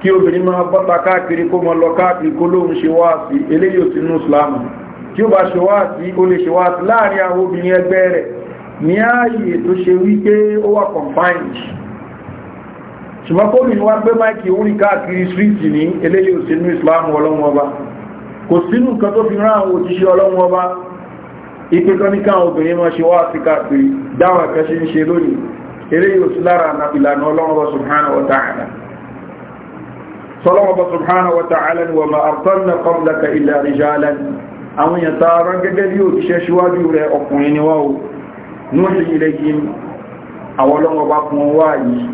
kí obìnrin máa bọ́ta káàkiri kó mọ lọ káàkiri kó lóun ṣe wáàsí eléyìí ò sínú Islam tí ó bá ṣe wáàsí ó lè ṣe wáàsí láàrin àwọn obìnrin ẹgbẹ́ rẹ̀ ní ààyè tó ṣe wípé ó wà confined ṣùgbọ́n kóbìnrin wá gbé máìkì orí káàkiri síríìtì ní eléyìí ò sínú ìsìláàmù ọlọ́run ọba kò sínú nǹkan tó fi rán àwọn òjíṣẹ́ ọlọ́run ọba ike kan ní káwọn obìnrin máa ṣe wá sí káàkiri dáwọn ẹ̀kẹ́ ṣe ń ṣe lónìí eléyìí ò sí lára ìlànà ọlọ́run ọba subhanahu wa ta'ala sọlọ́wọ́ bá subhanahu wa ta'ala ni wa ma arsalna fún wá yìí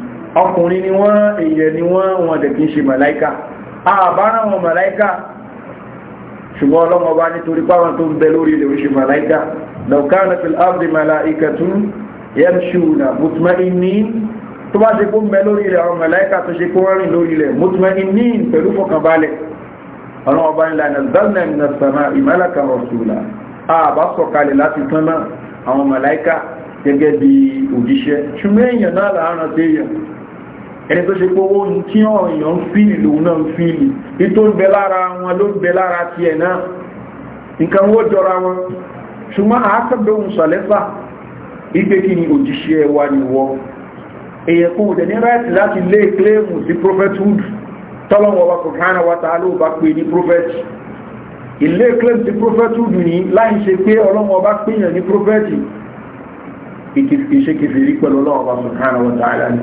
ọkùnrin ni wọ́n èèyàn ni wọ́n wọn dẹ̀ kí ń ṣe màláíkà àbára wọn màláíkà ṣùgbọ́n ọlọ́mọ bá nítorí páwọn tó ń bẹ lórí ilẹ̀ òṣè màláíkà lọ́kàánà fi ábùdì màláíkà tún yamshuna mutma'innin tó bá ṣe kó ń bẹ lórí ilẹ̀ àwọn màláíkà tó ṣe kó wọ́n rìn lórí ilẹ̀ mutma'innin pẹ̀lú fọkànbalẹ̀ ọlọ́mọ bá nílà nàzánà minas sama'i gẹ́gẹ́ bí òjíṣẹ́ ṣùgbọ́n èèyàn náà làárọ̀ sí èèyàn ẹni tó ṣe pówó tí wọ́n èèyàn ń fi ìlú náà ń fi ìlú ní tó ń bẹ lára wọn ló ń bẹ lára ti ẹ̀ náà nǹkan wó jọra wọn ṣùgbọ́n àákọ́gbẹ̀hùn sọ̀lẹ́fà ìgbé kí ni òjíṣẹ́ wa ni wọ́ èèyàn kò dẹ̀ ní ráìtì láti lé kílẹ̀mù sí prophethood tọ́lọ́wọ́ wa subhanahu wa ta'ala ló bá pè ní prophet ilé claim ti prophethood ní láì ṣe pé ọlọ́wọ́ bá pèèyàn ní prophet ìṣe kìfìrí pẹ̀lú ọlọ́wọ́ wa subhanahu wa ta'ala ni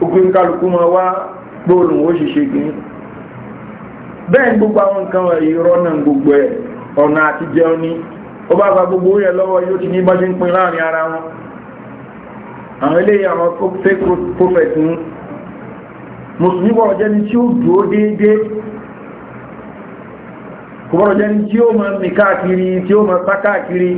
òpin kálukú ma wá gbóòlùn ó ṣiṣẹ́ gini bẹ́ẹ̀ gbogbo àwọn nǹkan wọ̀nyí rọ́nà gbogbo ẹ̀ ọ̀nà àti jẹun ní ó bá gbogbo yẹ lọ́wọ́ yóò ti ní bá ṣe ń pin láàrin ara wọn àwọn eléyìí àwọn fake prophet ní mùsùlùmí bọ̀rọ̀ jẹ́ ní tí déédéé kò bọ̀rọ̀ jẹ́ ní tí ó káàkiri tí ó sá káàkiri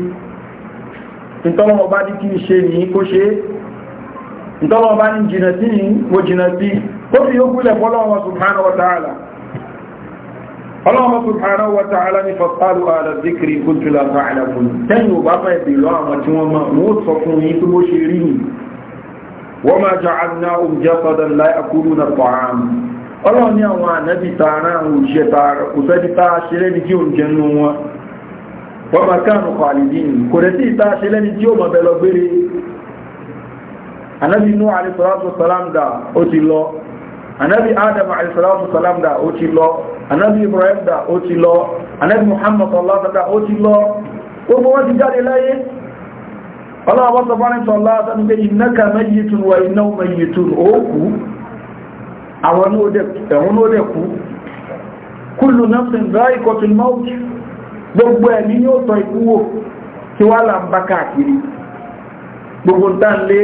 ìtọ́lọ̀ bá ní jìnà tí mo jìnà tí ó fi yóò gúlẹ̀ fọ́lọ́wọ́ subhanahu wa ta'ala ọlọ́wọ́ subhanahu wa ta'ala ní fasalu ala zikri kuntu la ta'lamun tẹ́yìn ò bá fẹ́ bè lọ àwọn tí wọ́n máa wọ́n sọ fún yín tó bó ṣe ni àwọn ànábì tààrà àwọn òṣìṣẹ́ tààrà kò sẹ́ni ṣe lẹ́ni tí ò ń jẹnu wọn wọ́n máa káànù kò rẹ̀ sí ìta ṣe lẹ́ni tí ó mọ̀ bẹ́ gbére anabi nuh alayhisalatu wasalam dà ó ti lọ anabi adam alayhisalatu wasalam dà ó ti lọ anabi ibrahim dà ó ti lọ anabi muhammad sallallahu alaihi wasallam dà ó ti lọ gbogbo wọn ti jáde láyé ọlọ́wọ́ sọ fọ́nrin sọ láàtọ́ ní pé innaka mayyitun wa innahum mayyitun ó kú àwọn ẹ̀hún ló dẹ̀ kú kullu nafsin dha'iqatul maut gbogbo ẹ̀mí yóò tọ́ ikú wò kí wá là ń bá káàkiri gbogbo ń lé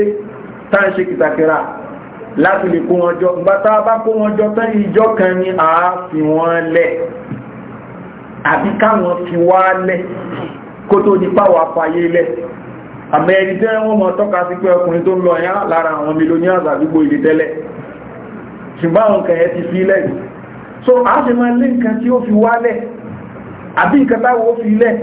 táà ń ṣe kìtàkìrà láti lè kó wọn jọ gbàtà bá kó wọn jọ tán ìjọ kan ni a fi wọn lẹ̀ àbí káwọn fi wá lẹ̀ kó tó di páwà fàyè lẹ̀ àmọ́ ẹni tẹ́ wọ́n mọ̀ tọ́ka sí pé ọkùnrin tó ń lọ yá lára àwọn millionaires àdúgbò ilé tẹ́lẹ̀ ṣùgbọ́n àwọn kẹ̀yẹ́ ti fi lẹ̀ so a ṣe máa lé nǹkan tí ó fi wálẹ̀ àbí nǹkan táwọn ó fi lẹ̀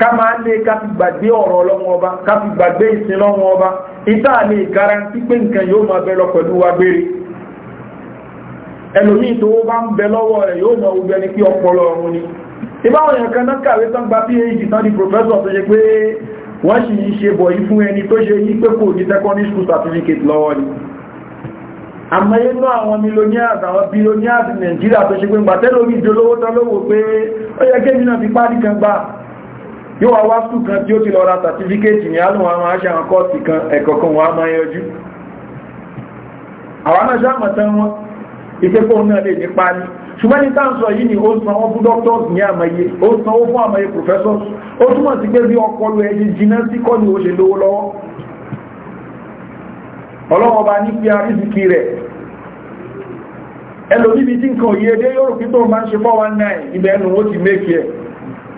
ká máa lé ká fi gbàgbé ọ̀rọ̀ ọlọ́wọ́ ọba ká fi gbàgbé ìsìn lọ́wọ́ ọba ìta lè garanti pé nǹkan yóò máa bẹ lọ pẹ̀lú wa beere ẹlòmíì tó bá ń bẹ lọ́wọ́ rẹ̀ yóò mọ ogun ẹni kí ọpọlọ ọ̀run ni ìbáwọn èèyàn kan náà tán gba phd tán di professor tó ṣe pé wọ́n sì ń ṣe bọ̀ yìí fún ẹni tó ṣe yí pé kò ní secondary school certificate lọ́wọ́ ni àmọ́ inú àwọn millionaires àwọn billionaires nàìjíríà tó ṣe pé ń gbà tẹ́lómi ìdólówó tán lówó pé ó yẹ kan gbà yóò wá wá sùn kan tí ó ti lọ ra sàtífíkẹ́tì ní alùn àwọn aṣe àwọn kọ́ọ̀tì kan ẹ̀kọ̀kan wọn a máa yọjú àwọn anáṣẹ́ àmọ̀tán wọn ìpépọ̀ náà lè nípa ní ṣùgbọ́n ní táǹsọ̀ yìí ni ó san ó fún doctors ní àmọ̀yé ó san fún àmọ̀yé professors ó túmọ̀ sí pé bí ọpọlọ ẹni jiná sí kọ́ ni ó ṣe lówó lọ́wọ́ ọlọ́wọ́ bá ní pé àrísìkì rẹ̀ ẹlòmíbi tí nǹkan òye dé yóò rò pé tó máa ń ṣe 419 ibẹ̀ ẹnu ó ti mékì ẹ̀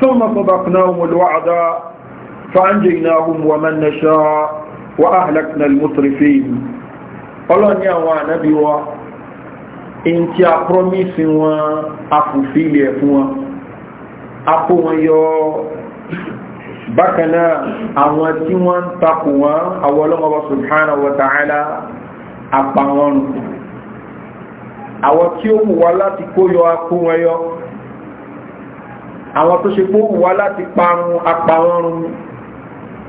ثم صدقناهم الوعد فأنجيناهم ومن نشاء وأهلكنا المسرفين ọlọ́ni àwọn ànábí wa in tí a promise wọn afùfílẹ̀ fún wọn a kó wọn yọ bákanáà àwọn tí wọ́n ń takò wọn àwọn ọlọ́mọba subhanahu wa ta'ala apá wọn àwọn tí ó wù wá láti kó yọ a kó wọn yọ àwọn tó ṣe pé ó wà láti parun apàwọrun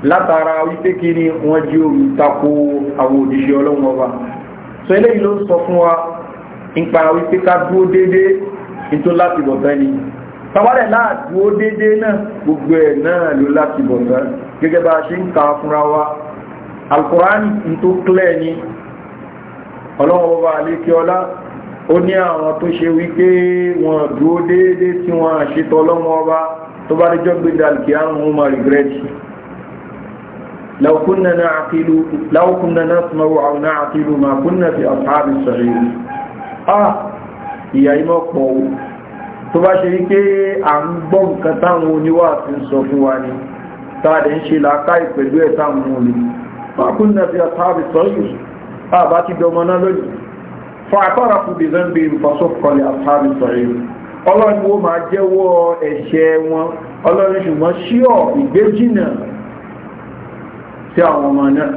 látara wípé kí ni wọ́n jí omi tako àwọn òdíṣẹ́ ọlọ́run ọba so eléyìí ló ń sọ fún wa nípa wípé ká dúó déédéé nítorí láti bọ̀tán ni tàbálẹ̀ láà dúó náà gbogbo ẹ̀ náà ló láti bọ̀tán gẹ́gẹ́ bá ṣe ń ka fúnra wa alkùránì tó clear ó ní àwọn tó ṣe wípé wọn dúró déédé tí wọn àṣetọ ọlọ́wọ́n ọba tó bá díjọ́ gbé dàlùkì àrùn ọmọ rìgírẹ́tì láwùkúnnà náà tí mọ̀wọ́ àwọn àkílù máa kúnnà fi àfáàbì sọ̀rọ̀ ah ìyà imọ́ pọ̀ tó bá ṣe wípé à ń gbọ́ nǹkan táwọn oníwà ti ń sọ fún wa ni tààdé ń ṣe làákàì pẹ̀lú ẹ̀ táwọn olè máa kúnnà fi àfáàbì sọ̀rọ̀ fa'tarafu bi dhanbihim fasahqan li ashabi sa'ir ọlọ́run wo máa jẹ́wọ́ ẹ̀ṣẹ̀ wọn ọlọ́run ṣùgbọ́n ṣíọ̀ ìgbéjìnà sí àwọn ọmọ náà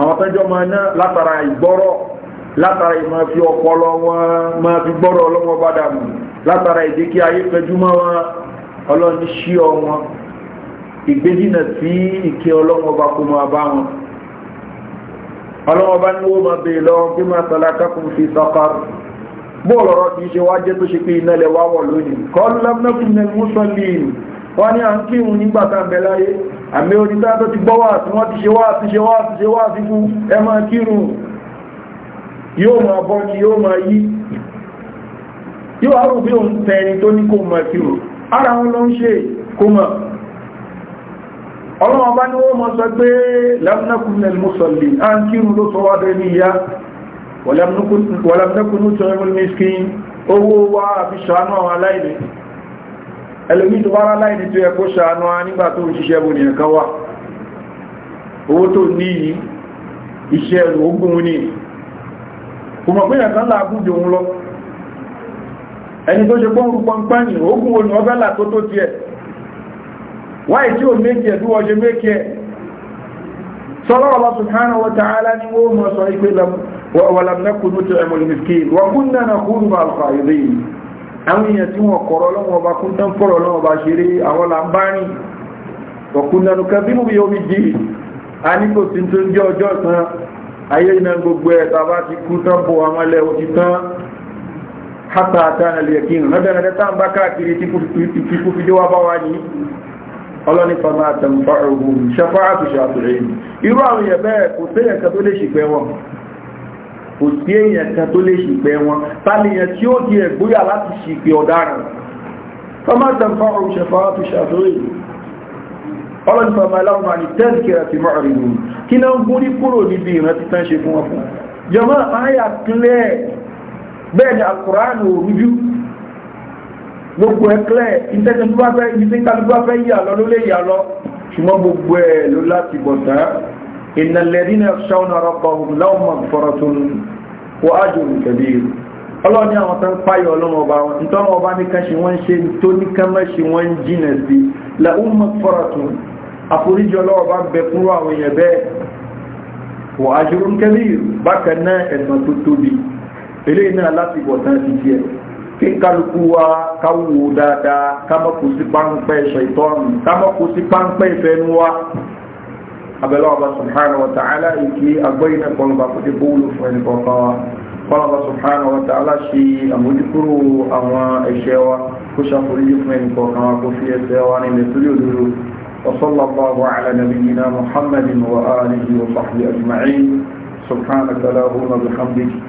àwọn tọ́jọ́ máa ná látara ìgbọ́rọ̀ látara ìmọ̀ fi ọpọlọ wọn máa fi gbọ́rọ̀ ọlọ́wọ́ bá dànù látara ìdí kí ayé fẹjúmọ́ wọn ọlọ́run ṣíọ̀ wọn ìgbéjìnà sí ìkẹ́ ọlọ́wọ́ bá kó máa bá wọn ọlọ́wọ́ bá ní wọ́n máa bèè lọ bí máa salakakum fi saqar bóòlù ọ̀rọ̀ kìí ṣe wájẹ́ tó ṣe pé iná lẹ̀ wá wọ̀ lónìí qalu lam naku min al-musallin wọ́n ní à ń kírun nígbà tá à ń bẹ láyé àmì oníta tó ti gbọ́ wá àti wọ́n ti ṣe wá àti ṣe wá àti ṣe wá àti ẹ máa kírun yóò máa bọ́ ni yóò máa yí yóò á bí òun tẹ tó ní kó máa kírun ara wọn ló ń ṣe kó máa ọlọ́wọ́n bá ní wọ́n mọ́ sọ pé lamnakunel musalli a ń kírun ló sọ wádẹ́ ní ìyá wàlamnakunu tẹ́rẹmùn miskin owó wá àfi ṣàánú àwọn aláìní ẹlòmí tó bá aláìní tó yẹ kó ṣàánú a nígbà tó ń ṣiṣẹ́ bò nìyàn kan wà ẹni tó ṣe pọ́n rúpọ̀ ogun olùwọ́bẹ́là tó tó tiẹ̀ wáyé tí ó méjì ẹ̀ tí wọ́n ṣe méjì ẹ̀ sọ́lọ́ Allah subhanahu wa ta'ala ni wọ́n mọ̀ sọ ìpè lọ wàlàm náà kùnú tó ẹ̀mọ̀ lùmìkì wọ́n kún náà náà kúrú bá alfa ìlú yìí àwọn èèyàn tí wọ́n kọ̀rọ̀ lọ́wọ́ ọba kún tán fọ̀rọ̀ lọ́wọ́ ọba ṣeré àwọn làǹbárin wọ́n jẹ́ ọjọ́ kan ayé iná ọlọ́ni fama àtẹnfà ọ̀hún ṣẹfà àtúnṣe àtúnṣe irú àwọn èèyàn bẹ́ẹ̀ kò sí èèyàn kan tó lè ṣìpẹ̀ wọn kò sí èèyàn kan tó lè ṣìpẹ̀ wọn tàlèyàn tí ó di ẹ̀gbóyà láti ṣìpẹ̀ ọ̀daràn fama àtẹnfà ọ̀hún ṣẹfà àtúnṣe àtúnṣe ọlọ́ni fama aláwọ̀ ti mọ́ àrìnrìn kí náà ń gúrí kúrò níbi ìrántí tán ṣe fún wọn jọmọ́ àyà bẹ́ẹ̀ ni àkùránù òrújú gbogbo ẹ̀klẹ̀ ìtẹ́sẹ̀lúwàfẹ́ yà lọ ló lè yà lọ ṣùgbọ́n gbogbo ẹ̀ ló láti bọ̀tá ìnàlẹ̀dínà ṣáwọn arọ́pọ̀hùn láwọn mọ̀fọ́rọ̀tún wọ́n ájòrò kẹbí ọlọ́ni àwọn tán páyọ̀ ọlọ́run ọba wọn nítorí ọba ní kan ṣe wọ́n ṣe tó ní kan mọ́ ṣe jìnà sí làwọn mọ̀fọ́rọ̀tún àforíjì ọlọ́run ọba bẹ fún àwọn èèyàn bẹ́ẹ̀ wọ́n ájòrò kẹbí bákan náà ẹ̀sán tó tóbi eléyìí náà láti bọ̀tán ti tiẹ̀ kí n kálukú wa ká wò dáadáa ká má kó sí páńpẹ́ ṣàítánì ká má kó sí páńpẹ́ ìfẹ́nu wa abẹ́lẹ́ ọba subhanahu wa ta'ala ìkí agbóyin náà kọlọ́ba kó ti bóòlù fún ẹnì kọ̀ọ̀kan wa kọlọ́ba subhanahu wa ta'ala ṣe àmójúkúrò àwọn ẹ̀ṣẹ̀ wa kó ṣàforíjì fún ẹnì wa kó fi ẹsẹ̀